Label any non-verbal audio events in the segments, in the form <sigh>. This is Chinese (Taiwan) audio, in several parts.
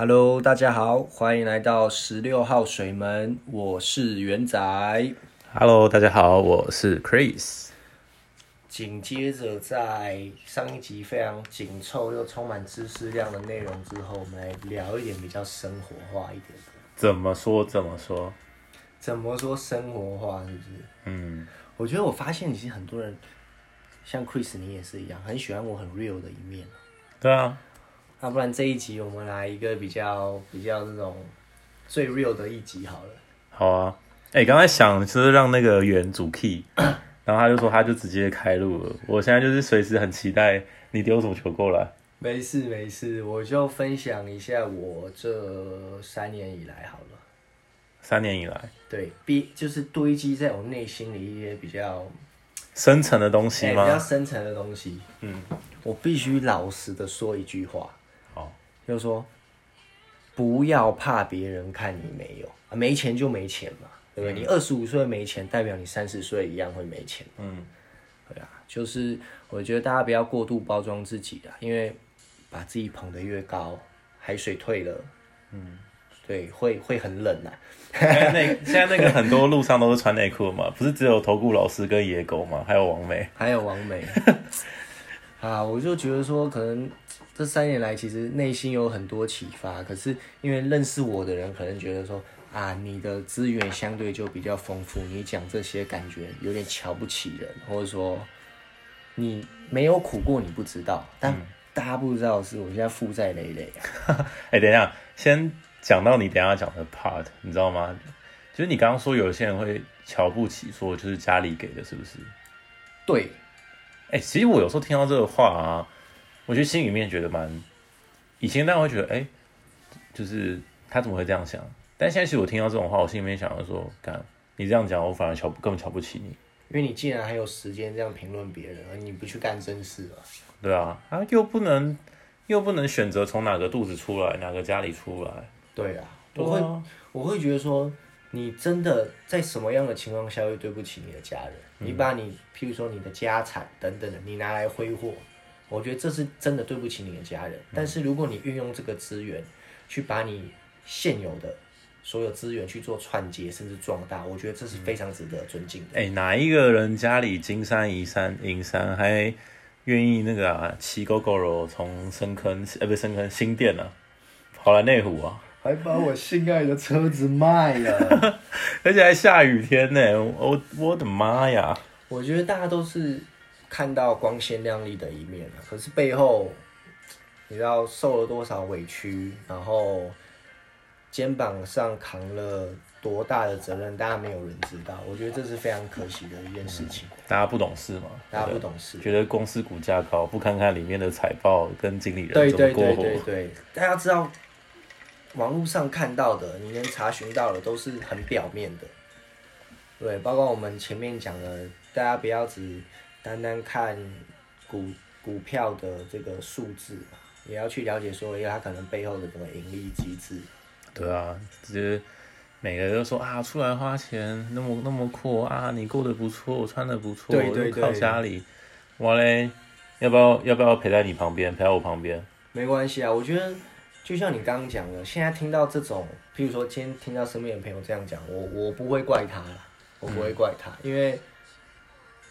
Hello，大家好，歡迎來到十六號水門，我是元仔。Hello，大家好，我是 Chris。緊接着在上一集非常緊湊又充滿知識量的內容之後，我們來聊一點比較生活化一點的。怎麼說？怎麼說？怎麼說生活化？是不是？嗯，我覺得我發現，其實很多人像 Chris，你也是一樣，很喜歡我很 real 的一面。對啊。那不然這一集我們來一個比較比較那種最 real 的一集好了。好啊，哎、欸，剛才想就是讓那個原主 key， <coughs> 然後他就說他就直接開錄了。我現在就是隨時很期待你丟什麼球過來。沒事沒事，我就分享一下我這三年以來好了。三年以來，對，必就是堆積在我內心裡一些比較深層的東西嗎、欸、比較深層的東西，嗯，我必須老實的說一句話。就是說不要怕別人看你沒有、啊，沒錢就沒錢嘛，對不對？嗯、你二十五歲沒錢，代表你三十歲一樣會沒錢。嗯，對啊，就是我覺得大家不要過度包裝自己啊，因為把自己捧得越高，海水退了，嗯，對，會會很冷啊。 <laughs> 那現在那個很多路上都是穿內褲嘛，不是只有投顧老師跟野狗嗎？還有網美，還有網美啊，我就覺得說可能。這三年來，其實內心有很多啟發。可是因為認識我的人，可能覺得說，啊，你的資源相對就比較豐富，你講這些感覺有點瞧不起人，或者說你沒有苦過，你不知道。但大家不知道的是，我現在負債累累。啊。哎、嗯 <laughs> 欸，等一下，先講到你等一下講的 part，你知道嗎？就是你剛剛說有些人會瞧不起，說就是家裡給的，是不是？對。哎、欸，其實我有時候聽到這個話啊。我覺得心裡面覺得蠻，以前但我會覺得，哎、欸，就是他怎麼會這樣想？但現在其實我聽到這種話，我心裡面想說，幹你這樣講，我反而瞧不更瞧不起你，因為你既然還有時間這樣評論別人，而你不去幹正事了。對啊，啊又不能又不能選擇從哪個肚子出來，哪個家裡出來。對，啦對啊，我會我會覺得說，你真的在什麼樣的情況下會對不起你的家人？嗯、你把你譬如說你的家產等等的，你拿來揮霍。我覺得這是真的對不起你的家人，嗯、但是如果你運用這個資源，去把你現有的所有資源去做串接，甚至壯大，我覺得這是非常值得尊敬的。哎、嗯欸，哪一個人家裡金山銀山銀山，還願意那個啊，騎 Gogoro 從深坑，呃、欸，不是深坑新店啊，跑來內湖啊，還把我心愛的車子賣了、啊， <laughs> 而且還下雨天呢、欸，我我的媽呀！我覺得大家都是。看到光鮮亮麗的一面，可是背後你知道受了多少委屈，然後肩膀上扛了多大的責任，大家沒有人知道。我覺得這是非常可惜的一件事情。嗯、大家不懂事嗎？大家不懂事，覺得公司股價高，不看看裡面的財報跟經理人怎麼過活？對，對對對對，大家知道網絡上看到的，你能查詢到的都是很表面的。對，包括我們前面講的，大家不要只。單單看股股票的這個數字，也要去了解說，哎，他可能背後的這個盈利機制？對，對啊，直、就、接、是、每個人都說啊，出來花錢那麼那麼酷啊，你過得不錯，穿得不錯，對，就靠家裡。我嘞，要不要要不要陪在你旁邊，陪在我旁邊？沒關係啊，我覺得就像你剛剛講的，現在聽到這種，譬如說今天聽到身邊的朋友這樣講，我我不會怪他啦，我不會怪他，嗯、因為。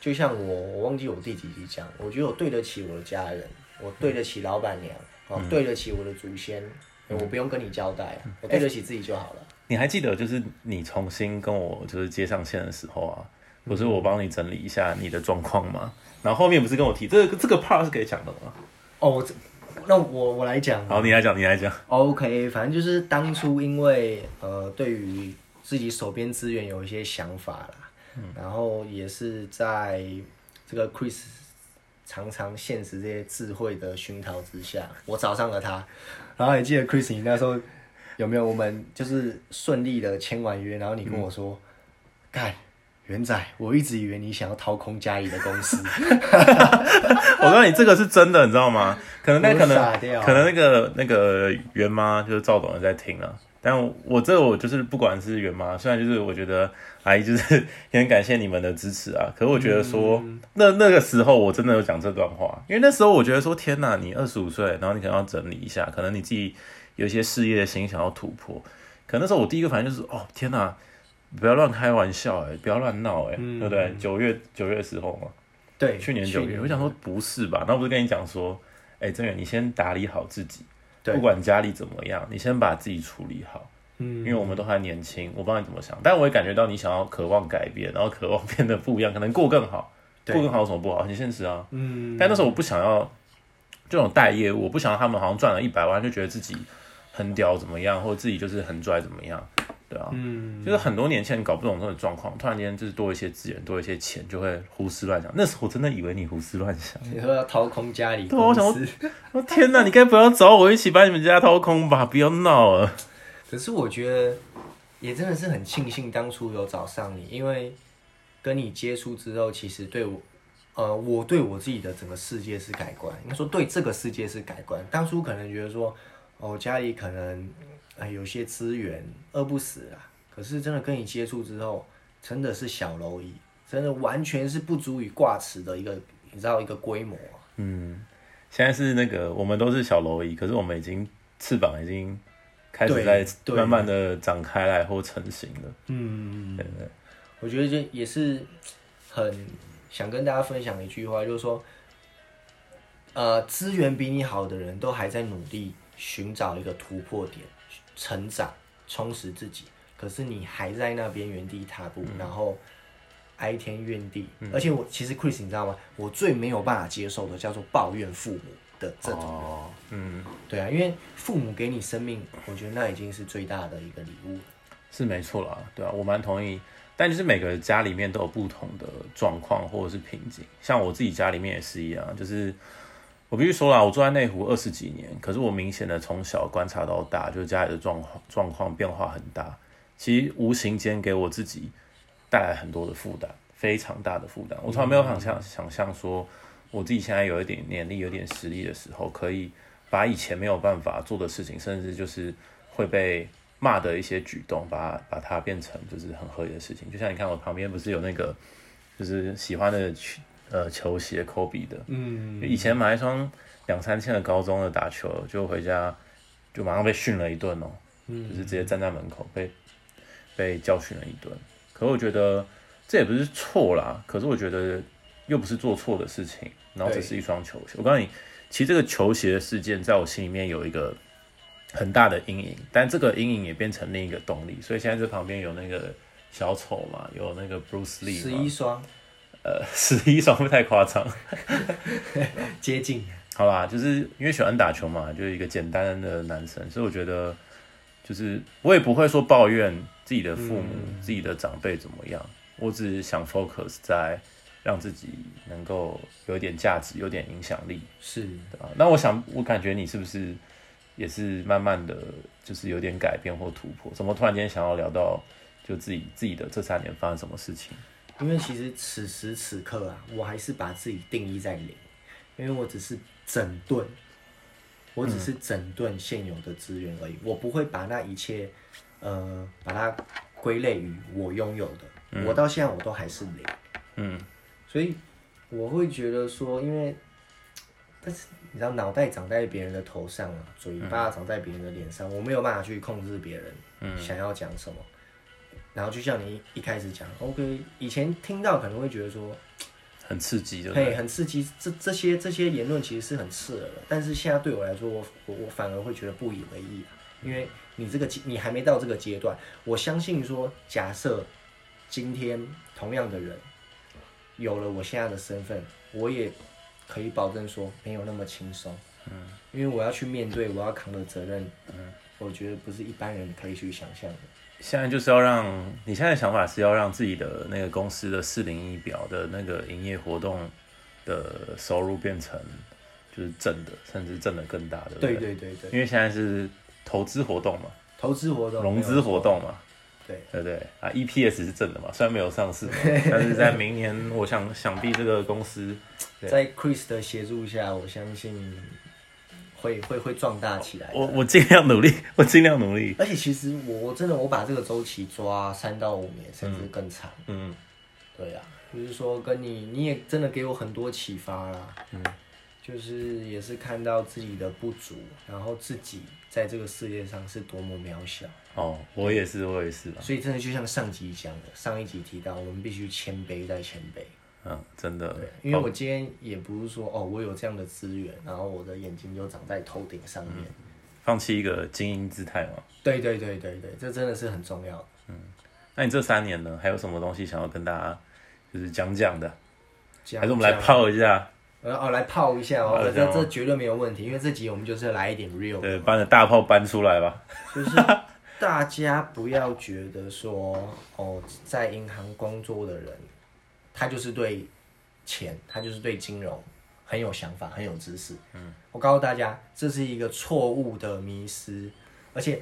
就像我，我忘記我第幾集講，我覺得我對得起我的家人，我對得起老板娘、嗯喔、對得起我的祖先，嗯、我不用跟你交代，嗯、我對得起自己就好了、欸。你還記得就是你重新跟我就是接上線的時候啊，不是我幫你整理一下你的狀況嗎？然後後面不是跟我提這個這個 part 是可以講的嗎？哦我這，那我我來講。好，你來講，你來講。OK，反正就是當初因為呃，對於自己手邊資源有一些想法啦。然後也是在這個 Chris 常常現實這些智慧的熏陶之下，我找上了他。然後還記得 Chris，你那時候有沒有我們就是順利的簽完約？然後你跟我說，蓋、嗯，元仔，我一直以為你想要掏空家裡的公司。我告訴你，這個是真的，你知道嗎？可能那可能可能那個那個元媽就是趙總也在聽啊。但我這我就是不管是遠媽，雖然就是我覺得阿姨就是也很感謝你們的支持啊，可是我覺得說那那個時候我真的有講這段話，因為那時候我覺得說天哪，你二十五歲，然後你可能要整理一下，可能你自己有一些事業的心想要突破，可能那時候我第一個反應就是哦天哪，不要亂開玩笑誒、欸，不要亂鬧誒，嗯、對不對？九月九月的時候嘛，對，去年九月，年我想說不是吧？那我對不是跟你講說，哎、欸、真遠你先打理好自己。不管家裡怎麼樣，你先把自己處理好。嗯，因為我們都還年輕，我不知道你怎麼想，但我也感覺到你想要渴望改變，然後渴望變得不一樣，可能過更好，過更好有什麼不好？很現實啊。嗯，但那時候我不想要這種代業務，我不想要他們好像賺了一百萬就覺得自己很屌怎麼樣，或者自己就是很拽怎麼樣。對啊，嗯，就是很多年輕人搞不懂這種狀況，突然間就是多一些資源，多一些錢，就會胡思亂想。那時候我真的以為你胡思亂想，你說要掏空家裡，對我想說我，天哪、啊，你該不要找我一起把你們家掏空吧？不要鬧啊！可是我覺得也真的是很慶幸當初有找上你，因為跟你接觸之後，其實對我，呃，我對我自己的整個世界是改觀。應該說對這個世界是改觀。當初可能覺得說，哦、我家裡可能。哎，有些資源餓不死啊，可是真的跟你接觸之後，真的是小螻蟻，真的完全是不足以掛齒的一個，你知道一個規模，啊。嗯，現在是那個我們都是小螻蟻，可是我們已經翅膀已經開始在，對，對，慢慢的展開來或成型了。對的嗯，對的。我覺得這也是很想跟大家分享一句話，就是說，呃，資源比你好的人都還在努力尋找一個突破點。成長充實自己，可是你還在那邊原地踏步，嗯、然後哀天怨地。嗯、而且我其實 Chris，你知道嗎？我最沒有辦法接受的叫做抱怨父母的這種人、哦、嗯，對啊，因為父母給你生命，我覺得那已經是最大的一個禮物了。是沒錯啦，對啊，我蠻同意。但就是每個家裡面都有不同的狀況或者是瓶頸，像我自己家裡面也是一樣，就是。我必須說啦，我住在內湖二十幾年，可是我明顯的從小觀察到大，就是家裡的狀況狀況變化很大，其實無形間給我自己帶來很多的負擔，非常大的負擔。我從來沒有想象想象說，我自己現在有一點年齡，有一點實力的時候，可以把以前沒有辦法做的事情，甚至就是會被罵的一些舉動，把把它變成就是很合理的事情。就像你看我旁邊不是有那個，就是喜歡的去。呃，球鞋，科比的。嗯、嗯。以前買一雙兩三千的，高中的打球，就回家就馬上被訓了一頓哦。嗯、嗯、嗯、嗯。就是直接站在門口被被教訓了一頓。可我覺得這也不是錯啦，可是我覺得又不是做錯的事情。然後這是一雙球鞋。對我告訴你，其實這個球鞋的事件在我心裡面有一個很大的陰影，但這個陰影也變成另一個動力。所以現在這旁邊有那個小丑嘛，有那個 Bruce Lee。十一雙。呃，十一雙會太誇張，接近好吧？就是因為喜歡打球嘛，就是一個簡單的男生，所以我覺得，就是我也不會說抱怨自己的父母、嗯、自己的長輩怎麼樣，我只是想 focus 在讓自己能夠有點價值、有點影響力，是。那我想，我感覺你是不是也是慢慢的，就是有點改變或突破？怎麼突然間想要聊到就自己自己的這三年發生什麼事情？因為其實此時此刻啊，我還是把自己定義在零，因為我只是整頓，我只是整頓現有的資源而已，嗯、我不會把那一切，呃，把它歸類於我擁有的。嗯、我到現在我都還是零，嗯、所以我會覺得說，因為，但是你知道，腦袋長在別人的頭上啊，嘴巴長在別人的臉上，嗯、我沒有辦法去控制別人想要講什麼。然後就像你一開始講，OK，以前聽到可能會覺得說很刺激的，對嘿，很刺激。這這些這些言論其實是很刺耳的，但是現在對我來說，我我反而會覺得不以為意，因為你這個你還沒到這個階段。我相信說，假設今天同樣的人有了我現在的身份，我也可以保證說沒有那麼輕鬆，嗯，因為我要去面對我要扛的責任，嗯。我覺得不是一般人可以去想象的。現在就是要讓你現在的想法是要讓自己的那個公司的四零一表的那個營業活動的收入變成就是正的，甚至正的更大，對不對？對對對對。因為現在是投資活動嘛，投資活動，融資活動嘛，對，對對對啊，EPS 是正的嘛，雖然沒有上市， <laughs> 但是在明年我想想必這個公司在 Chris 的協助下，我相信。會會會壯大起來。我我盡量努力，我盡量努力。而且其實我我真的我把這個週期抓三到五年，甚至更長。嗯，對呀、啊，就是說跟你你也真的給我很多啟發啦、啊。嗯，就是也是看到自己的不足，然後自己在這個世界上是多麼渺小。哦，我也是，我也是。所以真的就像上集講的，上一集提到我們必須謙卑再謙卑。嗯、啊，真的。對，因為我今天也不是說哦，我有這樣的資源，然後我的眼睛就長在頭頂上面，嗯、放棄一個精英姿態嘛。對對對對對，這真的是很重要。嗯，那你這三年呢，還有什麼東西想要跟大家就是講講的？講講還是我們來泡一下？呃哦，來泡一下哦，下這這絕對沒有問題，因為這集我們就是要來一點 real 對。嘛對，搬着大炮搬出來吧。 <laughs> 就是大家不要覺得說哦，在銀行工作的人，他就是對錢，他就是對金融很有想法，很有知識。嗯，我告訴大家，這是一個錯誤的迷思，而且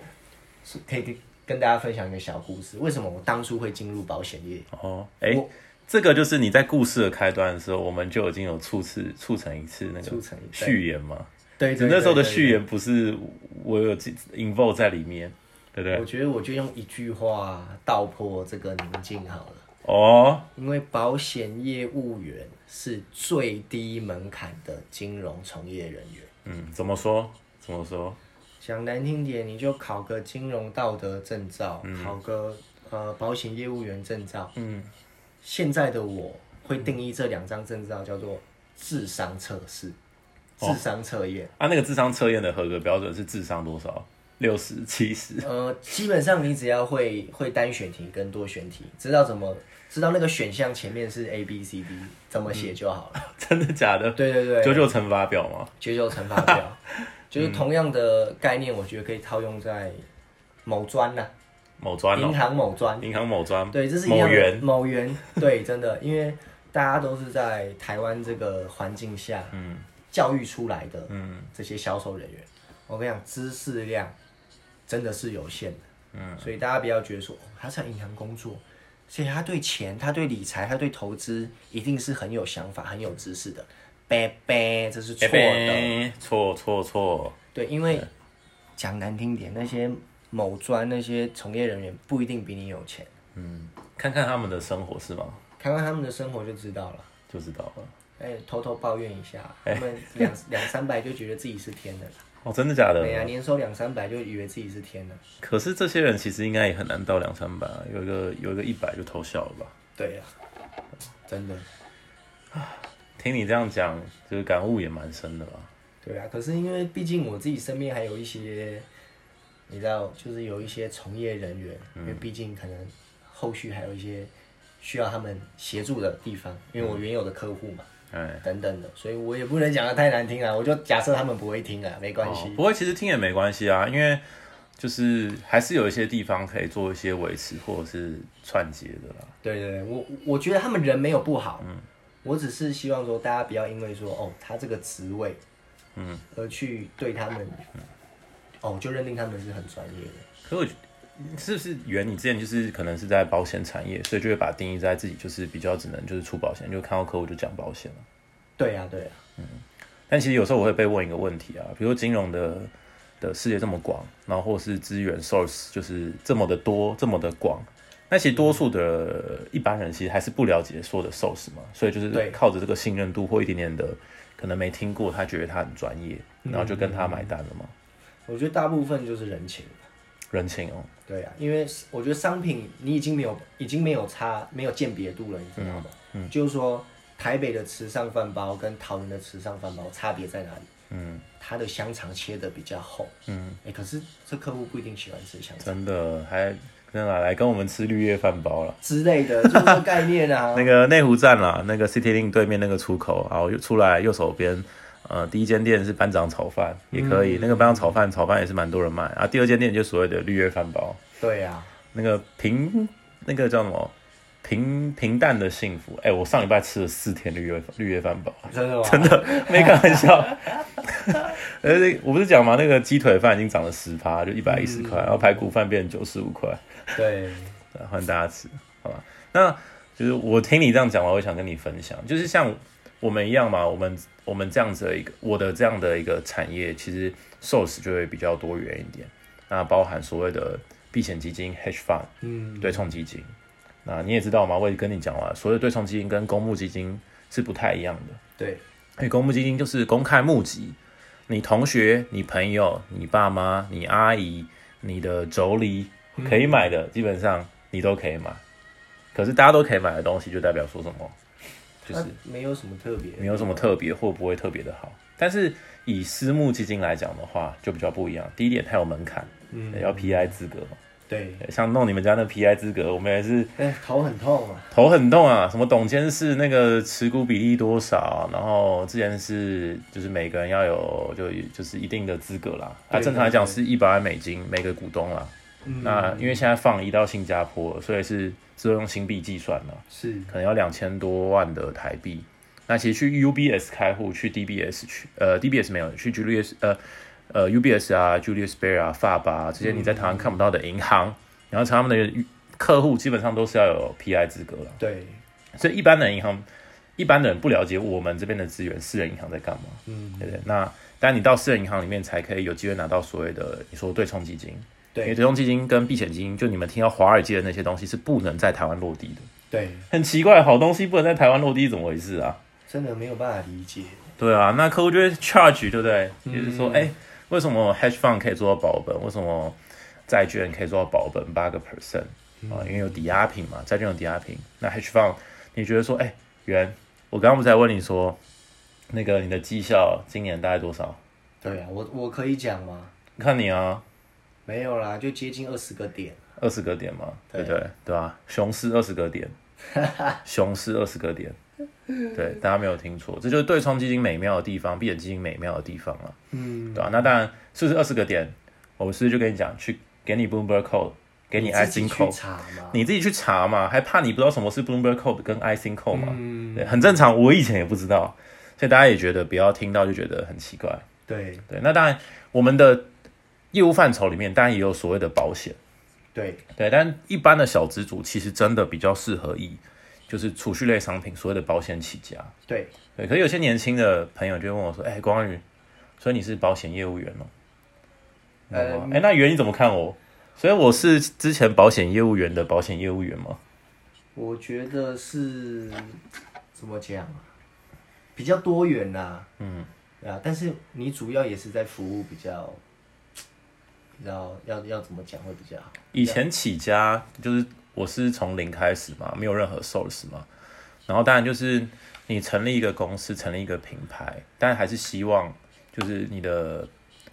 是可以跟，跟大家分享一個小故事。為什麼我當初會進入保險業？哦，哎、欸，我這個就是你在故事的開端的時候，我們就已經有促次促成一次那個促成序言嘛？對，對，對，對，那時候的序言不是我有 involve 在裡面，對不對？我覺得我就用一句話道破這個寧靜好了。哦，oh? 因為保險業務員是最低門檻的金融從業人員。嗯，怎麼說？怎麼說？講難聽點，你就考個金融道德證照，嗯、考個呃保險業務員證照。嗯，現在的我會定義這兩張證照叫做智商測試、oh? 智商測驗。啊，那個智商測驗的合格標準是智商多少？六十七十？呃，基本上你只要會會單選題跟多選題，知道怎麼。知道那個選項前面是 A B C D 怎麼寫就好了、嗯。真的假的？對對對。九九乘法表嗎？九九乘法表， <laughs> 就是同樣的概念，我覺得可以套用在某專吶、啊，某專、哦，銀行某專，銀行某專，對，這是某元，某元員，對，真的，因為大家都是在台灣這個環境下，嗯，教育出來的，嗯，這些銷售人員，嗯嗯、我跟你講，知識量真的是有限的，嗯、所以大家不要覺得說，哦、他在銀行工作。所以他對錢，他對理財，他對投資，一定是很有想法、很有知識的。拜拜，這是錯的，錯錯錯。呃、對，因為講對難聽點，那些某專那些從業人員不一定比你有錢。嗯，看看他們的生活是嗎？看看他們的生活就知道了。就知道了。哎、欸，偷偷抱怨一下，欸、他們兩兩 <laughs> 三百就覺得自己是天的了。哦，真的假的？對呀、啊，年收兩三百就以為自己是天了、啊。可是這些人其實應該也很難到兩三百、啊，有一個有一個一百就偷笑了吧？對啊，真的啊。聽你這樣講，這個感悟也蠻深的吧？對啊，可是因為畢竟我自己身邊還有一些，你知道，就是有一些從業人員，嗯、因為畢竟可能後續還有一些需要他們協助的地方，因為我原有的客戶嘛。嗯等等的，所以我也不能講得太難聽了、啊，我就假設他們不會聽啊，沒關係、哦。不會。其實聽也沒關係啊，因為就是還是有一些地方可以做一些維持或者是串接的啦。對，對對，我我覺得他們人沒有不好，嗯，我只是希望說大家不要因為說哦，他這個職位，嗯，而去對他們，嗯、哦，就認定他們是很專業的。可是我。是不是原理，之前就是可能是在保險產業，所以就會把定義在自己就是比較只能就是出保險，就看到客戶就講保險了。對呀、啊，對呀、啊，嗯。但其實有時候我會被問一個問題啊，比如說金融的的世界這麼廣，然後或是資源 source 就是這麼的多，這麼的廣。那其實多數的一般人其實還是不了解說的 source 嘛，所以就是靠着這個信任度或一點點的可能沒聽過，他覺得他很專業，然後就跟他買單了嘛。我覺得大部分就是人情。人情哦，對啊，因為我覺得商品你已經沒有，已經沒有差，沒有鑑別度了，你知道嗎？嗯，嗯，就是說台北的池上飯包跟桃園的池上飯包差別在哪裡？嗯，它的香腸切得比較厚，嗯，哎、欸，可是這客戶不一定喜歡吃香腸，真的還跟嘛來跟我們吃綠葉飯包了之類的，什、就、麼、是、概念啊？ <laughs> 那個內湖站啦、啊，那個 City Link 對面那個出口，好，又出來右手邊。呃，第一間店是班長炒飯，也可以，嗯、那個班長炒飯、嗯、炒飯也是蠻多人買啊。第二間店就所謂的綠葉飯包，對呀、啊，那個平那個叫什麼平平淡的幸福。哎、欸，我上禮拜吃了四天綠葉綠葉飯包，真的嗎？真的沒開玩笑。 <laughs> <laughs> 我不是講嘛，那個雞腿飯已經漲了十趴，就一百一十塊，嗯、然後排骨飯變九十五塊。對，歡迎 <laughs> 大家吃，好吧？那就是我聽你這樣講，我我想跟你分享，就是像。我們一樣嘛，我們我們這樣子的一個，我的這樣的一個產業，其實 source 就會比較多元一點。那包含所謂的避險基金、Hedge Fund、嗯、對沖基金。那你也知道嗎？我也跟你講了，所謂對沖基金跟公募基金是不太一樣的。對，因為公募基金就是公開募集，你同學、你朋友、你爸媽、你阿姨、你的妯娌可以買的，嗯、基本上你都可以買。可是大家都可以買的東西，就代表說什麼？就是沒有什麼特別，沒有什麼特別，或不會特別的好。但是以私募基金來講的話，就比較不一樣。第一點，它有門檻，嗯，要 PI 資格。對，像弄你們家那 PI 資格，我們也是，誒，頭很痛啊，頭很痛啊。什麼董監事那個持股比例多少？然後之前是就是每個人要有就就是一定的資格啦。啊，正常來講是一百萬美金每個股東啦、啊。嗯、那因為現在放移到新加坡，所以是是用新幣計算了，是可能要兩千多萬的台幣。那其實去 UBS 開戶，去 DBS 去、呃，呃 DBS 沒有，去 Julius、呃呃呃呃 UBS 啊 Julius Baer 啊 Faba、啊、這些你在台灣看不到的銀行，嗯、然後他們的客戶基本上都是要有 PI 資格了。對，所以一般人銀行，一般人不了解我們這邊的資源，私人銀行在幹嘛？嗯，對，對對，那但你到私人銀行裡面，才可以有機會拿到所謂的你說對沖基金。對，主動基金跟避險基金，就你們聽到華爾街的那些東西是不能在台灣落地的。對，很奇怪，好東西不能在台灣落地，怎麼回事啊？真的沒有辦法理解。對啊，那客戶就會 charge，對不對？嗯、就是說，哎、欸，為什麼 Hedge Fund 可以做到保本？為什麼債券可以做到保本八個 percent、嗯、啊？因為有抵押品嘛，債券有抵押品。那 Hedge Fund，你覺得說，哎、欸，原我剛剛不是在問你說，那個你的績效今年大概多少？對啊，我我可以講嗎？看你啊。沒有啦，就接近二十個點，二十個點嘛，對不對，對？對吧？熊市二十個點， <laughs> 熊市二十個點，對，大家沒有聽錯，這就是對沖基金美妙的地方，避險基金美妙的地方嘛、嗯、對啊。嗯，對，那當然是不是二十個點，我是不是就跟你講，去給你 Bloomberg code，給你 ISIN code，你，你自己去查嘛，還怕你不知道什麼是 Bloomberg code 跟 ISIN code 嘛？嗯，嗯對，很正常，我以前也不知道，所以大家也覺得不要聽到就覺得很奇怪。對對，那當然我們的。業務範疇裡面當然也有所謂的保險，對對，但一般的小資主其實真的比較適合以就是儲蓄類商品，所謂的保險起家，對，對，可是有些年輕的朋友就會問我說：“哎、欸，關宇，所以你是保險業務員哦？哎、呃欸，那原你怎麼看我？所以我是之前保險業務員的保險業務員嗎？我覺得是，怎麼講，比較多元吶、啊。嗯，啊，但是你主要也是在服務比較。”要要要怎麼講會比較好？以前起家樣就是我是從零開始嘛，沒有任何 source 嘛。然後當然就是你成立一個公司，成立一個品牌，但還是希望就是你的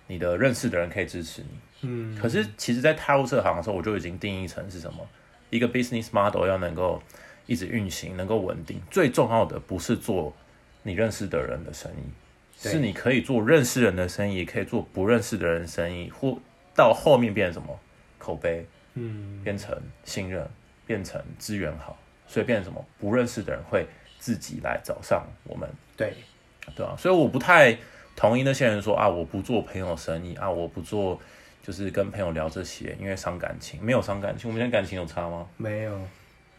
你的認識的人可以支持你。嗯。可是其實，在踏入這行的時候，我就已經定義成是什麼？嗯、一個 business model 要能夠一直運行，能夠穩定。最重要的不是做你認識的人的生意，對是你可以做認識人的生意，也可以做不認識的人的生意，或。到後面變成什麼？口碑，嗯，變成信任，變成資源好，所以變成什麼？不認識的人會自己來找上我們。對，對啊。所以我不太同意那些人說啊，我不做朋友生意啊，我不做就是跟朋友聊這些，因為傷感情。沒有傷感情，我們現在感情有差嗎？沒有。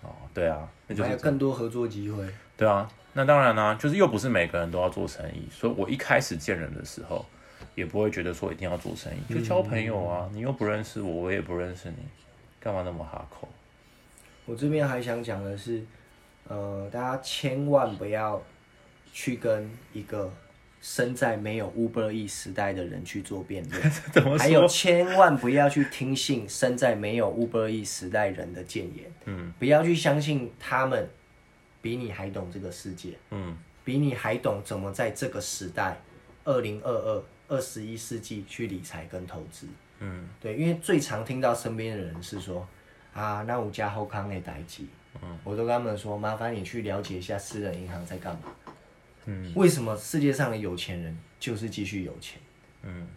哦，對啊，那就是還有更多合作機會。對啊，那當然啦，啊，就是又不是每個人都要做生意，所以我一開始見人的時候。也不會覺得說一定要做生意，就交朋友啊！嗯、你又不認識我，我也不認識你，幹嘛那麼哈口？我這邊還想講的是，呃，大家千萬不要去跟一個身在沒有 Uber E 時代的人去做辯論。 <laughs> 說還有，千萬不要去聽信身在沒有 Uber E 時代人的建言。嗯，不要去相信他們比你還懂這個世界。嗯，比你還懂怎麼在這個時代，二零二二。二十一世紀去理財跟投資，嗯，對，因為最常聽到身邊的人是說，啊，哪有這麼好康的代誌。嗯、哦，我都跟他們說，麻煩你去了解一下私人銀行在幹嘛，嗯，為什麼世界上的有錢人就是繼續有錢，嗯，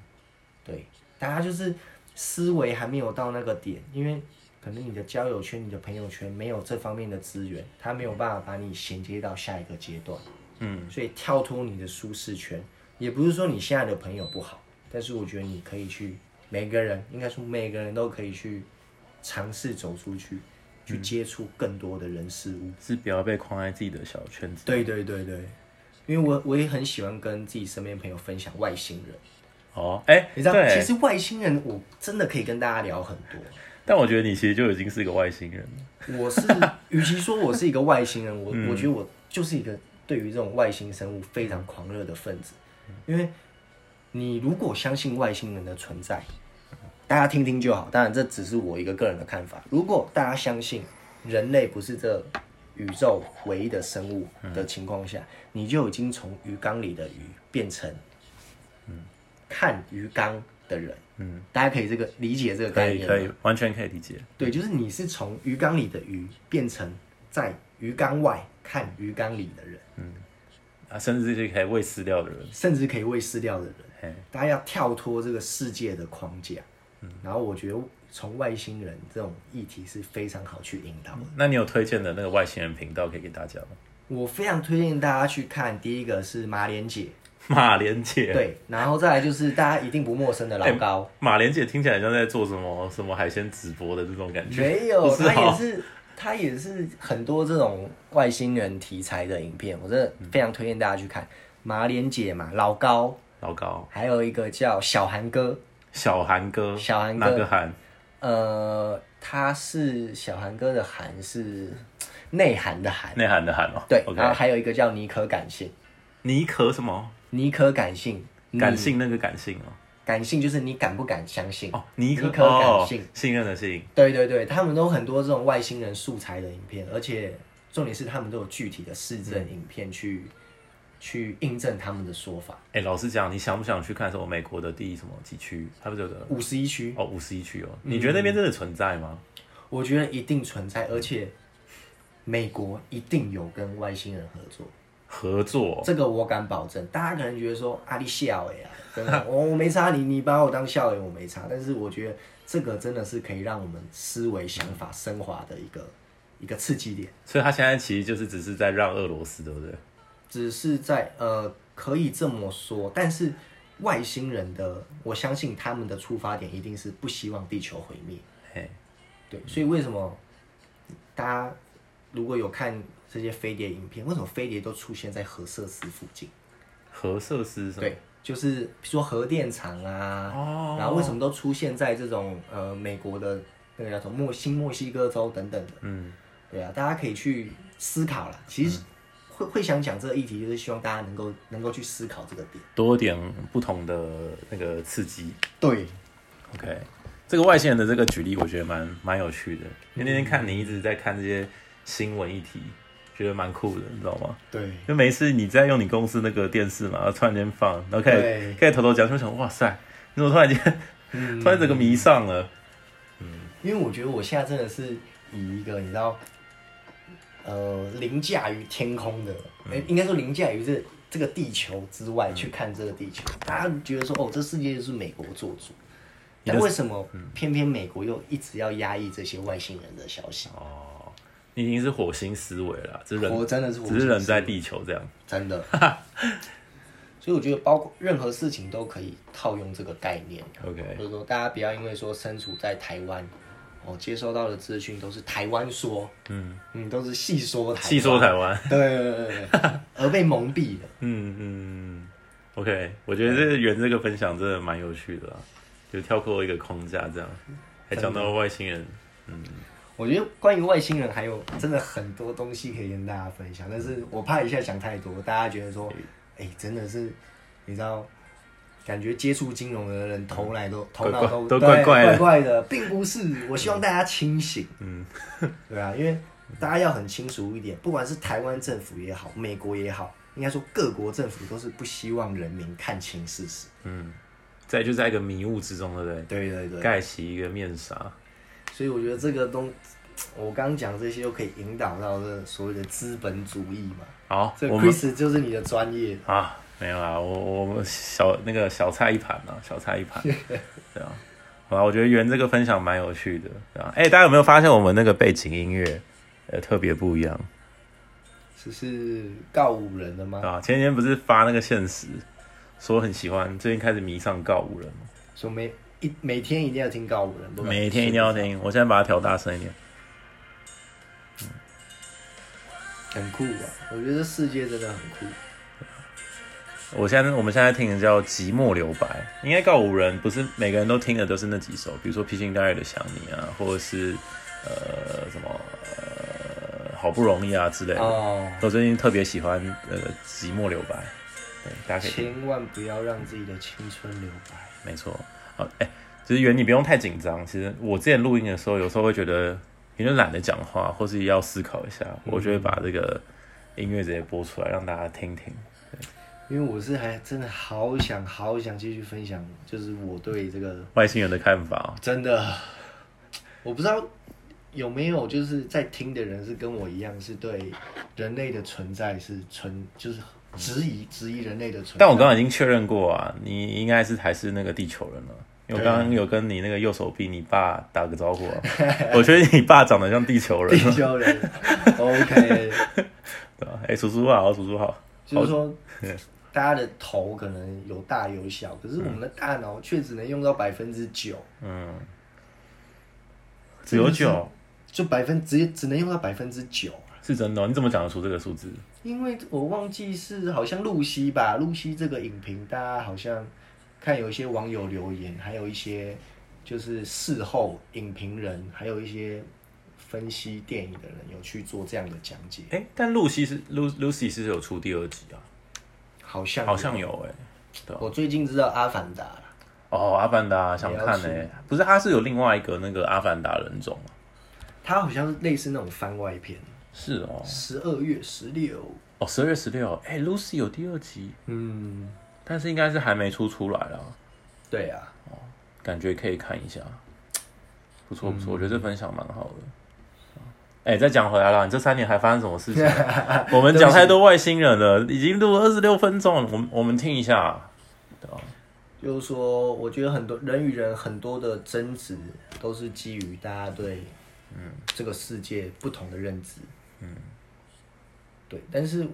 對，大家就是思維還沒有到那個點，因為可能你的交友圈、你的朋友圈沒有這方面的資源，他沒有辦法把你銜接到下一個階段，嗯，所以跳脫你的舒適圈。也不是說你現在的朋友不好，但是我覺得你可以去，每個人應該說每個人都可以去嘗試走出去，去接觸更多的人事物，嗯、是不要被框在自己的小圈子。對對對對，因為我我也很喜歡跟自己身邊朋友分享外星人。哦，哎、欸，你知道，欸、其實外星人我真的可以跟大家聊很多，但我覺得你其實就已經是一個外星人了。我是，與其說我是一個外星人，我、嗯、我覺得我就是一個對於這種外星生物非常狂熱的分子。因為你如果相信外星人的存在，大家聽聽就好。當然，這只是我一個個人的看法。如果大家相信人類不是這宇宙唯一的生物的情況下，嗯，你就已經從魚缸裡的魚變成，嗯，看魚缸的人。嗯，大家可以這個理解這個概念嗎？可以，可以，完全可以理解。對，就是你是從魚缸裡的魚變成在魚缸外看魚缸裡的人。嗯。甚至這些可以餵飼掉的人，甚至可以餵飼掉的人，的人嘿大家要跳脫這個世界的框架。嗯、然後我覺得從外星人這種議題是非常好去引導的。嗯、那你有推薦的那個外星人頻道可以給大家嗎？我非常推薦大家去看，第一個是馬蓮姐，馬蓮姐。對，然後再來就是大家一定不陌生的老高。欸、馬蓮姐聽起來像在做什麼什麼海鮮直播的這種感覺，沒有，她是也是。他也是很多這種外星人題材的影片，我真的非常推薦大家去看。馬連姐嘛，老高，老高，還有一個叫小韓哥，小韓哥，小韓哥，哪個韓？呃，他是小韓哥的韓是內涵的涵，內涵的涵哦。對，然後 Okay. 啊，還有一個叫尼可感性，尼可什麼？尼可感性，感性那個感性哦。感性，就是你敢不敢相信哦，你可，你可感性，哦，信任的信，對對對，他們都很多這種外星人素材的影片，而且重點是他們都有具體的實證影片去，嗯，去印證他們的說法。哎，欸，老實講，你想不想去看什麼美國的第什麼幾區？還記得的五十一區哦，五十一區哦，你覺得那邊真的存在嗎？嗯，我覺得一定存在，而且美國一定有跟外星人合作。合作，這個我敢保證。大家可能覺得說阿里笑誒啊，我、啊 <laughs> 哦、我沒差你，你把我當笑誒，我沒差。但是我覺得這個真的是可以讓我們思維、嗯、想法升華的一個一個刺激點。所以他現在其實就是只是在讓俄羅斯，對不對？只是在呃，可以這麼說。但是外星人的，我相信他們的出發點一定是不希望地球毀滅。嘿對，所以為什麼大家如果有看？這些飛碟影片，為什麼飛碟都出現在核設施附近？核設施什麼？對，就是譬如說核電廠啊，哦、然後為什麼都出現在這種呃美國的那個叫做新墨西哥州等等的。嗯，對啊，大家可以去思考了。其實會、嗯、會想講這個議題，就是希望大家能夠能夠去思考這個點，多點不同的那個刺激。對，OK，這個外星人的這個舉例，我覺得蠻蠻有趣的。因為那天看你一直在看這些新聞議題。覺得蠻酷的，你知道嗎？對，就每次你在用你公司那個電視嘛，然後突然間放，然後可以對可以偷偷講，就想哇塞，你怎麼突然間、嗯、突然整個迷上了。嗯，因為我覺得我現在真的是以一個你知道，呃，凌駕於天空的，嗯、應該說凌駕於這這個地球之外、嗯、去看這個地球。大家覺得說哦，這世界就是美國做主，的但為什麼偏偏美國又一直要壓抑這些外星人的消息？哦。已經是火星思維了，這人，真的是，只是人在地球這樣，真的。 <laughs> 所以我覺得，包括任何事情都可以套用這個概念。OK，或者說，大家不要因為說身處在台灣，我、哦、接收到的資訊都是台灣說，嗯嗯，都是細說台灣，細說台灣，對對對對 <laughs> 而被蒙蔽了。嗯嗯，OK，我覺得這個圓這個分享真的蠻有趣的，對就跳過一個框架這樣，還講到外星人，的嗯。我覺得關於外星人還有真的很多東西可以跟大家分享，但是我怕一下講太多，大家覺得說，哎、欸，真的是，你知道，感覺接觸金融的人頭來都頭腦都都怪怪都怪怪的，並不是。嗯、我希望大家清醒，嗯，對啊，因為大家要很清楚一點，不管是台灣政府也好，美國也好，應該說各國政府都是不希望人民看清事實，嗯，在就在一個迷霧之中，對不對？對對對，蓋起一個面紗。所以我覺得這個東，我剛講這些都可以引導到這所謂的資本主義嘛。好，這 Chris 就是你的專業啊？沒有啊，我我們小那個小菜一盤啊小菜一盤， <laughs> 對啊，好吧，我覺得圓這個分享蠻有趣的，對吧、啊？哎，大家有沒有發現我們那個背景音樂，呃，特別不一樣？只是告五人的嗎？啊，前幾天不是發那個現實，說很喜歡，最近開始迷上告五人嗎？說沒。一每天一定要聽告五人，不每天一定要聽。我現在把它調大聲一點，很酷啊！我覺得這世界真的很酷。我現在我們現在聽的叫《寂寞留白》，應該告五人不是每個人都聽的都是那幾首，比如說《披星戴月的想你》啊，或者是呃什麼呃《好不容易》啊之類的。哦，我最近特別喜歡呃《寂寞留白》，對，大家可以千萬不要讓自己的青春留白，沒錯。啊，哎，其實袁，你、就是、不用太緊張。其實我之前錄音的時候，有時候會覺得有點懶得講話，或是要思考一下，嗯、我就會把這個音樂直接播出來，讓大家聽聽。對，因為我是還真的好想、好想繼續分享，就是我對這個外星人的看法。真的，我不知道有沒有就是在聽的人是跟我一樣，是對人類的存在是存，就是。質疑質疑人類的存在，但我剛剛已經確認過啊，你應該是還是那個地球人了，因為我剛剛有跟你那個右手臂你爸打個招呼啊， <laughs> 我覺得你爸長得像地球人。地球人，OK。哎 <laughs> 、欸，叔叔好，叔叔好。就是說，好大家的頭可能有大有小，嗯、可是我們的大腦卻只能用到百分之九。嗯，只有九、就是，就百分之，只只能用到百分之九，是真的、哦？你怎麼講得出這個數字？因為我忘記是好像露西吧，露西這個影評大家好像看有一些網友留言，還有一些就是事後影評人，還有一些分析電影的人有去做這樣的講解。欸？但露西是露、露西是有出第二集啊？好像好像有哎。有欸，我最近知道阿凡達，哦，阿凡達想看哎，欸，不是，他是有另外一個那個阿凡達人種嗎？他好像是類似那種番外篇。是哦，十二月十六哦，十二月十六，欸，哎，Lucy 有第二集，嗯，但是應該是還沒出出來啦。對啊，哦，感覺可以看一下，不錯不錯，嗯，我覺得這分享蠻好的，哎，嗯欸，再講回來了，你這三年還發生什麼事情？ <laughs> 我們講太多外星人了， <laughs> 起已經錄了二十六分鐘，我們我們聽一下對啊，就是說，我覺得很多人與人很多的爭執，都是基於大家對嗯這個世界不同的認知。嗯，對，但是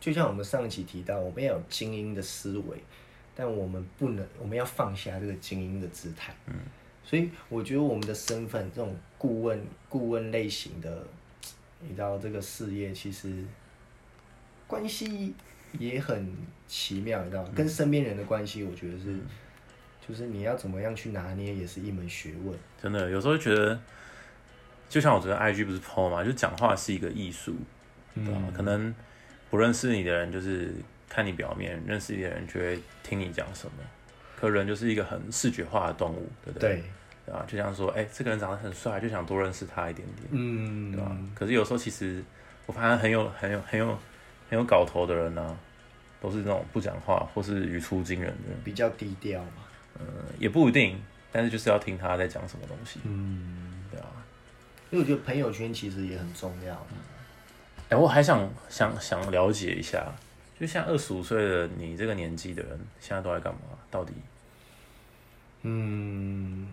就像我們上一期提到，我們要有精英的思維，但我們不能，我們要放下這個精英的姿態。嗯，所以我覺得我們的身份，這種顧問顧問類型的，你知道這個事業其實關係也很奇妙，你知道、嗯、跟身邊人的關係，我覺得是，嗯、就是你要怎麼樣去拿捏，也是一門學問。真的，有時候覺得。就像我覺得 IG 不是 Po 嘛，就講話是一個藝術，嗯、對吧？可能不認識你的人就是看你表面，認識你的人就會聽你講什麼。可人就是一個很視覺化的動物，對不對？對，對，就像說，哎、欸，這個人長得很帥，就想多認識他一點點，嗯，對吧？嗯、可是有時候其實我發現很有很有很有很有搞頭的人呢、啊，都是那種不講話或是語出驚人的，比較低調嘛。嗯，也不一定，但是就是要聽他在講什麼東西，嗯。因為我覺得朋友圈，其實也很重要。欸，我還想想想了解一下，就像二十五歲的你這個年紀的人，現在都在幹嘛？到底？嗯，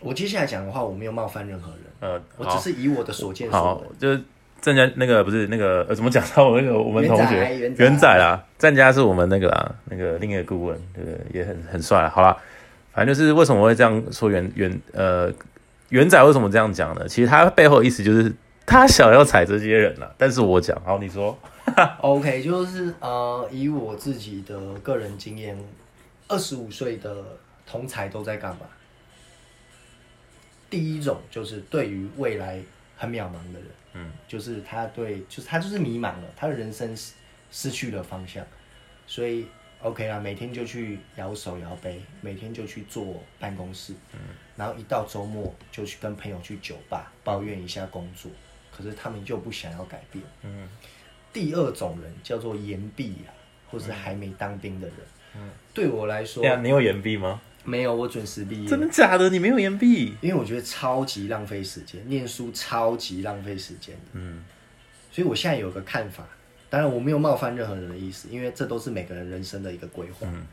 我接下來講的話，我沒有冒犯任何人。呃，我只是以我的所見所能。好，就是鄭家那個不是那個呃，怎麼講到我那個我們同學元仔啦，鄭家是我們那個啦，那個另一個顧問，這個也很很帥。好啦，反正就是為什麼我會這樣說原，元元呃。元仔為什麼這樣講呢？其實他背後意思，就是他想要踩這些人了啊。但是我講，好，你說。 <laughs> OK，就是呃，以我自己的個人經驗，二十五歲的同儕都在幹嘛？第一種就是對於未來很渺茫的人，嗯，就是他對，就是他就是迷茫了，他的人生失去了方向，所以 OK 啦，每天就去搖手搖杯，每天就去坐辦公室，嗯。然後一到週末就去跟朋友去酒吧抱怨一下工作，可是他們就不想要改變。嗯，第二種人叫做延畢啊，或是還沒當兵的人。嗯，對我來說，你有延畢嗎？沒有，我準時畢業。真的假的？你沒有延畢，因為我覺得超級浪費時間，念書超級浪費時間的。嗯，所以我現在有個看法，當然我沒有冒犯任何人的意思，因為這都是每個人人生的一個規劃。嗯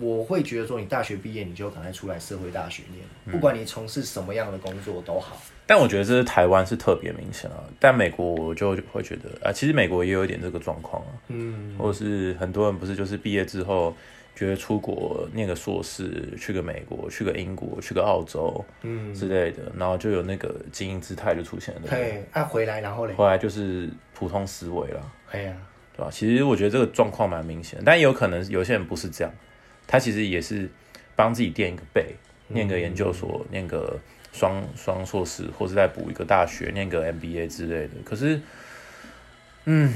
我會覺得說，你大學畢業你就趕快出來社會，大學念，不管你從事什麼樣的工作都好。嗯，但我覺得這是台灣是特別明顯啊，但美國我就會覺得啊，其實美國也有一點這個狀況啊，嗯，或是很多人不是就是畢業之後覺得出國念個碩士，去個美國，去個英國，去個澳洲，嗯之類的，然後就有那個精英姿態就出現了，這個。對，他啊，回來然後嘞，回來就是普通思維了。啊對啊，對吧？其實我覺得這個狀況蠻明顯，但也有可能有些人不是這樣。他其實也是幫自己墊一個背，念個研究所，念個雙雙碩士，或是再補一個大學，念個 MBA 之類的。可是，嗯，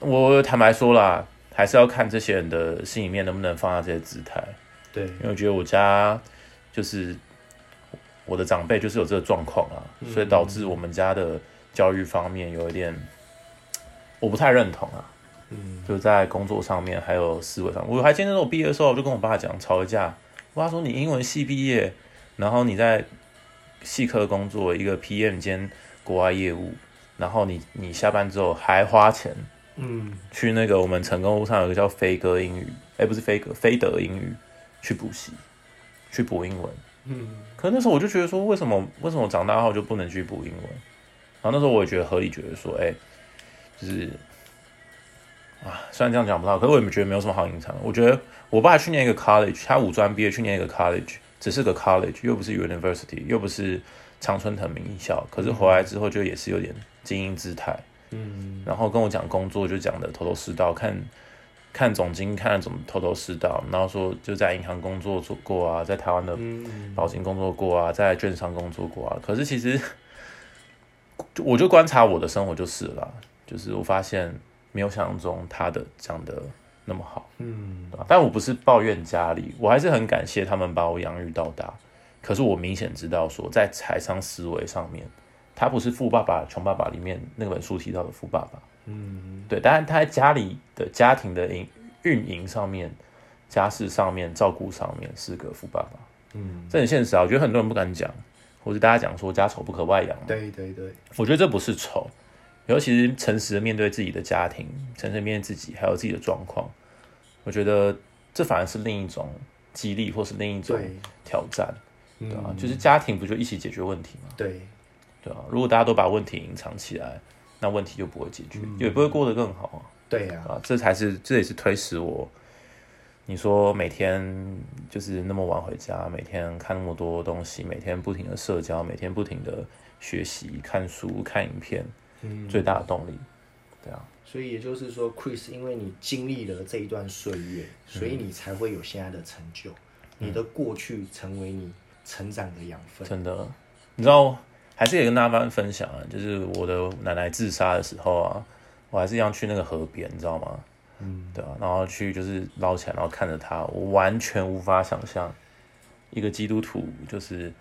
我坦白說啦，還是要看這些人的心裡面能不能放下這些姿態。對，因為我覺得我家就是我的長輩就是有這個狀況啊，所以導致我們家的教育方面有一點我不太認同啊。嗯，就在工作上面，還有思維上，我還記得我畢業的時候，我就跟我爸講吵一架，我爸說你英文系畢業，然後你在，系科工作一個 PM 兼國外業務，然後你你下班之後還花錢，嗯，去那個我們成功路上有一個叫飛哥英語，哎、欸、不是飛哥，飛德英語去補習，去補英文，嗯，可那時候我就覺得說為什麼為什麼長大後就不能去補英文，然後那時候我也覺得合理，覺得說哎、欸，就是。啊、雖然這樣講不到，可是我也覺得沒有什麼好隱藏。我覺得我爸去念一個 college，他五專畢業，去念一個 college，只是個 college，又不是 university，又不是常春藤名校。可是回來之後就也是有點精英姿態，嗯，然後跟我講工作就講的頭頭是道，看看總經看怎麼頭頭是道，然後說就在銀行工作過啊，在台灣的保金工作過啊，在券商工作過啊。可是其實，我就觀察我的生活就是了，就是我發現。沒有想象中他的講得那麼好，嗯，但我不是抱怨家裡，我還是很感謝他們把我養育到大。可是我明顯知道說，在財商思維上面，他不是《富爸爸窮爸爸》裡面那本書提到的富爸爸，嗯，對。當然他在家裡的家庭的營運營上面、家事上面、照顧上面是個富爸爸，嗯，這很現實啊。我覺得很多人不敢講，或者大家講說家醜不可外揚，對對對，我覺得這不是醜。尤其是誠實的面對自己的家庭，誠實面對自己，還有自己的狀況，我覺得這反而是另一種激勵，或是另一種挑戰，對，對啊，嗯、就是家庭不就一起解決問題嗎？對，對啊，如果大家都把問題隱藏起來，那問題就不會解決，嗯、也不會過得更好啊。對啊，對啊，這才是，這也是推使我，你說每天就是那麼晚回家，每天看那麼多東西，每天不停的社交，每天不停的學習、看書、看影片。最大的動力，對啊，所以也就是說，Chris，因為你經歷了這一段歲月，嗯、所以你才會有現在的成就。嗯、你的過去成為你成長的養分。真的，你知道，還是也跟大家分享啊，就是我的奶奶自殺的時候啊，我還是一樣去那個河邊，你知道嗎？嗯，對啊。然後去就是撈起來，然後看着他，我完全無法想象一個基督徒就是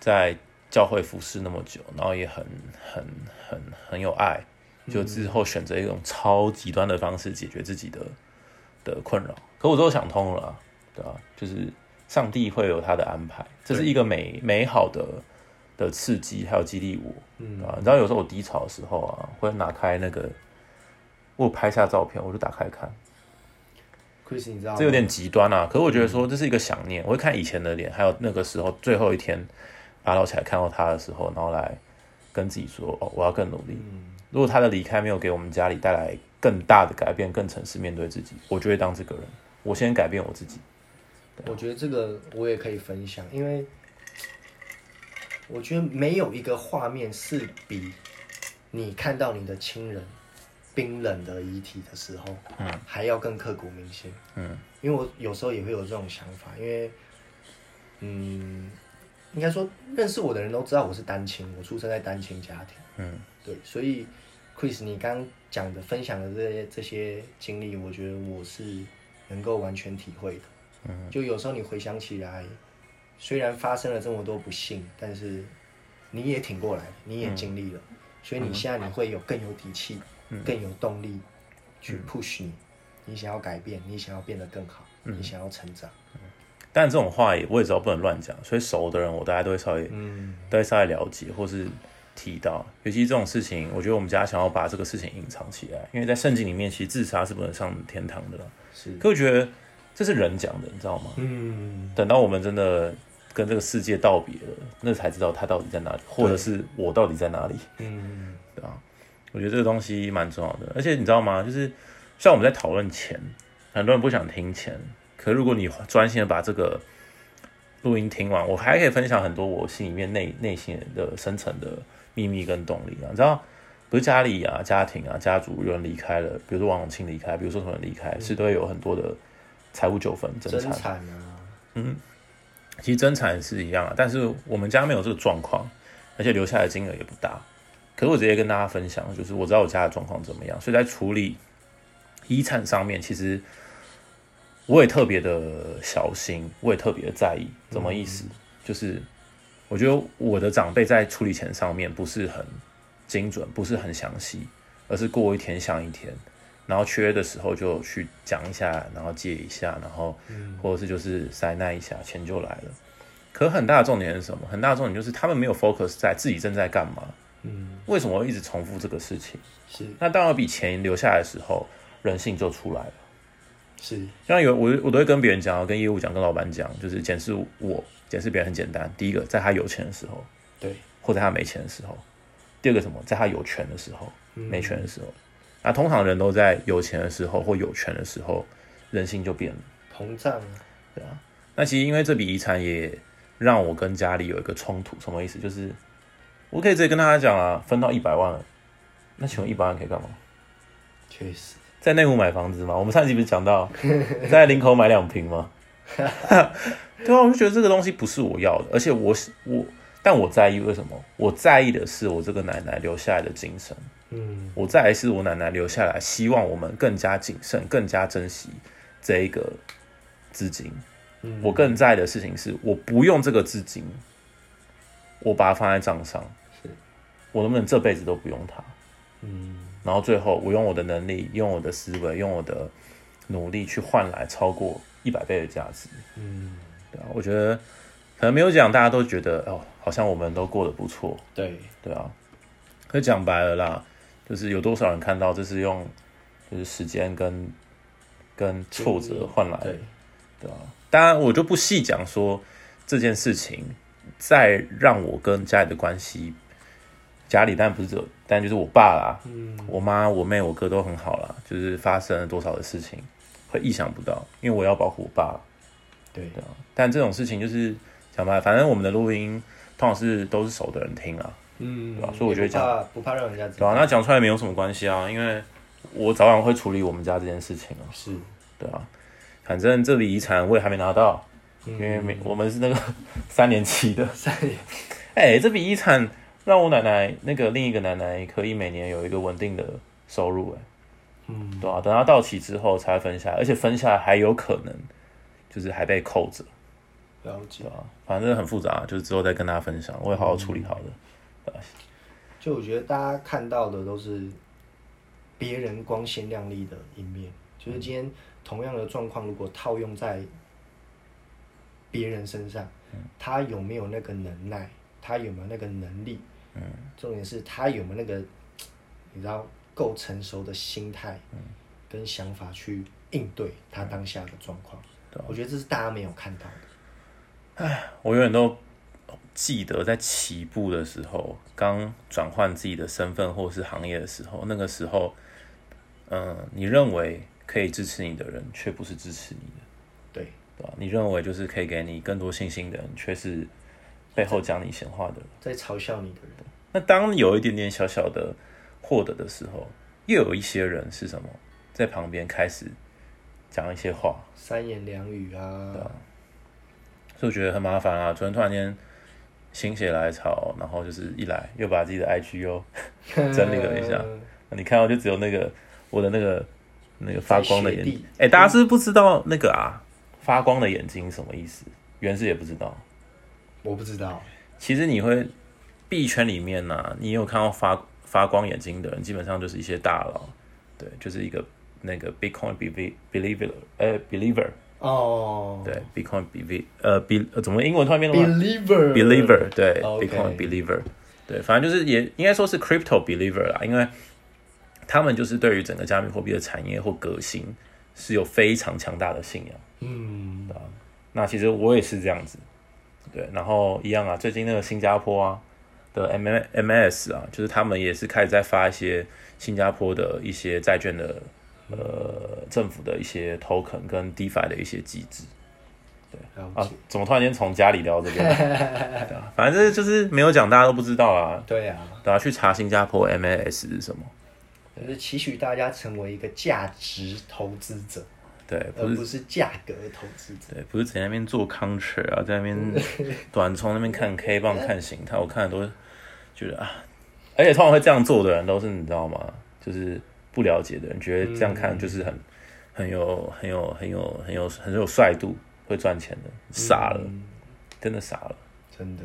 在。教會服侍那麼久，然後也很很很很有愛，就之後選擇一種超極端的方式解決自己的的困擾。可我都想通了、啊，對吧、啊？就是上帝會有他的安排，這是一個美對美好的的刺激，還有激勵我。啊嗯、你知道有時候我低潮的時候啊，會拿開那個我拍下照片，我就打開看。Chris，你知道嗎？這有點極端啊。可是我覺得說這是一個想念，嗯、我會看以前的臉，還有那個時候最後一天。拉到起來，看到他的時候，然後來跟自己說：“哦，我要更努力。嗯”如果他的離開沒有給我們家裡帶來更大的改變，更誠實面對自己，我就會當這個人，我先改變我自己。我覺得這個我也可以分享，因為我覺得沒有一個畫面是比你看到你的親人冰冷的遺體的時候，還要更刻骨銘心。嗯。嗯，因為我有時候也會有這種想法，因為，嗯。應該說，認識我的人都知道我是單親，我出生在單親家庭。嗯，對，所以，Chris，你剛講的、分享的這些這些經歷，我覺得我是能夠完全體會的。嗯，就有時候你回想起來，雖然發生了這麼多不幸，但是你也挺過來了，你也經歷了，嗯、所以你現在你會有更有底氣、嗯、更有動力去 push 你，嗯、你想要改變，你想要變得更好，嗯、你想要成長。但這種話也我也知道不能亂講，所以熟的人我大家都會稍微嗯，都會稍微了解，或是提到。尤其這種事情，我覺得我們家想要把這個事情隱藏起來，因為在聖經裡面，其實自殺是不能上天堂的。是，可是我覺得這是人講的，你知道嗎？嗯。等到我們真的跟這個世界道別了，那才知道他到底在哪裡，或者是我到底在哪裡。嗯對，對啊。我覺得這個東西蠻重要的，而且你知道嗎？就是像我們在討論錢，很多人不想聽錢。可如果你專心的把這個錄音聽完，我還可以分享很多我心裡面內心的深層的秘密跟動力、啊、你知道，不是家裡啊、家庭啊、家族有人離開了，比如說王永慶離開，比如說什麼離開，嗯、是都會有很多的財務糾紛、爭產。啊、嗯，其實爭產是一樣啊，但是我們家沒有這個狀況，而且留下來的金額也不大。可是我直接跟大家分享，就是我知道我家的狀況怎麼樣，所以在處理遺產上面，其實。我也特別的小心，我也特別在意，什麼意思？嗯、就是我覺得我的長輩在處理錢上面不是很精準，不是很詳細，而是過一天想一天，然後缺的時候就去講一下，然後借一下，然後或者是就是塞耐一下，錢就來了。嗯、可很大的重點是什麼？很大的重點就是他們沒有 focus 在自己正在幹嘛。嗯，為什麼一直重複這個事情？是。那當有筆錢留下來的時候，人性就出來了。是，像有我，我都會跟別人講，跟業務講，跟老板講，就是檢視我，檢視別人很簡單。第一個，在他有錢的時候，對；或者他沒錢的時候。第二個，什麼，在他有權的時候，嗯、沒權的時候。那、啊、通常人都在有錢的時候或有權的時候，人性就變了，膨脹、啊。對啊。那其實因為這筆遺產也讓我跟家裡有一個衝突，什麼意思？就是我可以直接跟大家講啊，分到一百萬了，那請問一百萬可以幹嘛？確實。在內湖買房子嗎？我們上集不是講到在林口買兩瓶嗎？ <laughs> <laughs> 對啊，我就覺得這個東西不是我要的，而且我我，但我在意為什麼？我在意的是我這個奶奶留下來的精神，嗯，我在意的是我奶奶留下來希望我們更加謹慎、更加珍惜這一個資金。嗯，我更在意的事情是，我不用這個資金，我把它放在賬上，是我能不能這輩子都不用它？嗯。然後最後，我用我的能力、用我的思維、用我的努力去換來超過一百倍的價值。嗯，對啊，我覺得可能沒有講，大家都覺得哦，好像我們都過得不錯。對對啊，可講白了啦，就是有多少人看到這是用就是時間跟跟挫折換來？對對，對啊。當然，我就不細講說這件事情，再讓我跟家裡的關係，家裡當然不是這。但就是我爸啦，嗯、我媽、我妹、我哥都很好了，就是發生了多少的事情，會意想不到，因為我要保護我爸。對的、啊，但這種事情就是講吧，反正我們的錄音通常是都是熟的人聽啊，嗯，對吧？所以我覺得講不怕讓人家知道，對吧，那講出來沒有什麼關係啊，因為我早晚會處理我們家這件事情啊，是對啊，反正這筆遺產我也還沒拿到，嗯、因為沒我們是那個三年期的三年哎，這筆遺產。那我奶奶那個另一個奶奶可以每年有一個穩定的收入哎、欸，嗯，對啊，等她到期之後才分下來，而且分下來還有可能，就是還被扣着。不要緊啊，反正很複雜，就是之後再跟大家分享，我會好好處理好的。呃、嗯，對就我覺得大家看到的都是別人光鮮亮麗的一面，就是今天同樣的狀況，如果套用在別人身上，他有沒有那個能耐？他有沒有那個能力？嗯，重點是他有沒有那個，你知道，夠成熟的心態，跟想法去應對他當下的狀況，嗯，對，我覺得這是大家沒有看到的。哎，我永遠都記得在起步的時候，剛轉換自己的身份或是行業的時候，那個時候，嗯，呃，你認為可以支持你的人，卻不是支持你的，對，對，你認為就是可以給你更多信心的人，卻是。背後講你閒話的人。在，在嘲笑你的人。那當有一點點小小的獲得的時候，又有一些人是什麼在旁邊開始講一些話，三言兩語啊，就覺得很麻煩啊。昨天突然間心血來潮，然後就是一來又把自己的 IG 又 <laughs> 整理了一下， <laughs> 你看我就只有那個我的那個那個發光的眼睛。哎、欸，大家是不，是不知道那個啊，嗯、發光的眼睛什麼意思？原始也不知道。我不知道，其實你會幣圈裡面呢、啊，你有看到發發光眼睛的人，基本上就是一些大佬，對，就是一個那個 Bitcoin Belie believer 誒，believer 哦，對，Bitcoin Belie 呃 be 怎麼英文翻面的 believer believer 對、oh, okay.，Bitcoin believer 對，反正就是也應該說是 Crypto believer 啊，因為他們就是對於整個加密貨幣的產業或革新是有非常強大的信仰，嗯，啊，那其實我也是這樣子。對，然後一樣啊，最近那個新加坡啊的 MAS 啊，就是他們也是開始在發一些新加坡的一些債券的呃政府的一些 token 跟 DeFi 的一些機制。對，啊，怎麼突然間從家裡聊這邊，啊 <laughs> 對啊。反正就是沒有講，大家都不知道啊。對啊，大家，啊、去查新加坡 MAS 是什麼？就是期許大家成為一個價值投資者。對，而不是價格投資者。對，不是，不是，不是在那邊做 counter 啊，在那邊短衝那邊看 K 棒，看形態，的我看的都覺得啊，而且通常會這樣做的人都是你知道嗎？就是不了解的人，覺得這樣看就是很很有很有很有很有很有帥度，會賺錢的，傻了，嗯、真的傻了，真的。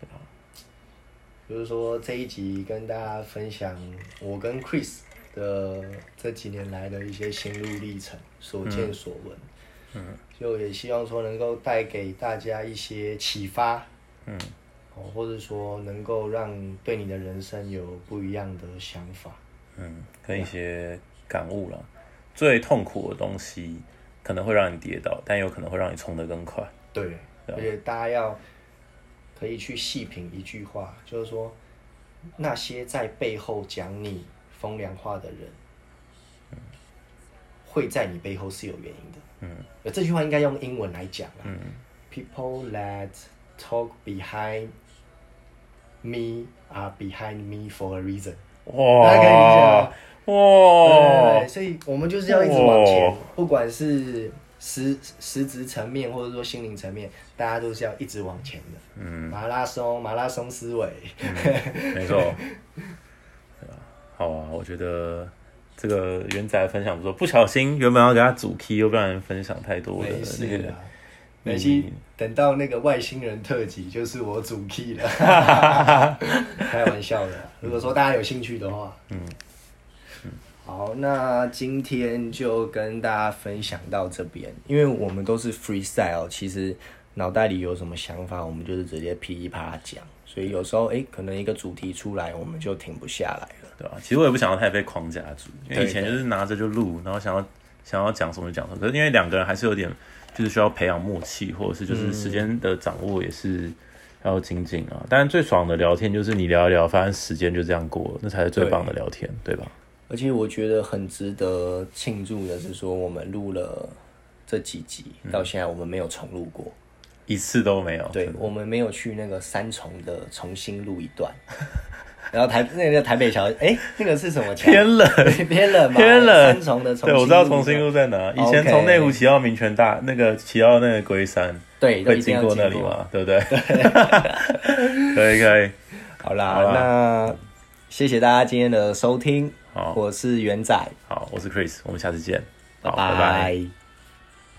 對吧比如就是說，這一集跟大家分享，我跟 Chris。的這幾年來的一些心路歷程、所見所聞，嗯，嗯就也希望說能夠帶給大家一些啟發，嗯、哦，或者說能夠讓對你的人生有不一樣的想法，嗯，跟一些感悟了。對最痛苦的東西可能會讓你跌倒，但有可能會讓你衝得更快。對，對而且大家要可以去細品一句話，就是說那些在背後講你、風涼話的人會在你背後是有原因的。嗯，這句話應該用英文來講啊。嗯、People that talk behind me are behind me for a reason。大家可以理解喔。哇！哇對對對對！所以我們就是要一直往前，哇不管是實實質層面，或者說心靈層面，大家都是要一直往前的。嗯，馬拉松，馬拉松思維。嗯、 <laughs> 沒錯。好啊，我覺得這個元仔分享不錯。不小心原本要給他主 key，又不人分享太多的的了。是沒事、嗯、等到那個外星人特輯，就是我主 key 了。 <laughs> 開玩笑的， <laughs> 如果說大家有興趣的話，嗯，好，那今天就跟大家分享到這邊，因為我們都是 free style，其實腦袋裡有什麼想法，我們就是直接噼里啪啦講，所以有時候誒可能一個主題出來，我們就停不下來了。對吧、啊？其實我也不想要太被框架住，因為以前就是拿着就錄，對對，然後想要想要講什麼就講什麼。可是因為兩個人還是有點，就是需要培養默契，或者是就是時間的掌握也是要精進啊。當然、嗯、最爽的聊天就是你聊一聊，發現時間就這樣過，那才是最棒的聊天，對，對吧？而且我覺得很值得慶祝的是說，我們錄了這幾集、嗯、到現在，我們沒有重錄過，一次都沒有。對，吧我們沒有去那個三重的重新錄一段。 <laughs> 然後台那個台北橋，哎，那個是什麼橋？天冷，天冷，天冷，三重的。對，我知道重新路在哪。以前從內湖騎到民權大，那個騎到那個龜山，對，會經過那裡嘛，對不對？可以可以，好啦，那謝謝大家今天的收聽。好，我是元仔。好，我是 Chris，我們下次見。拜拜。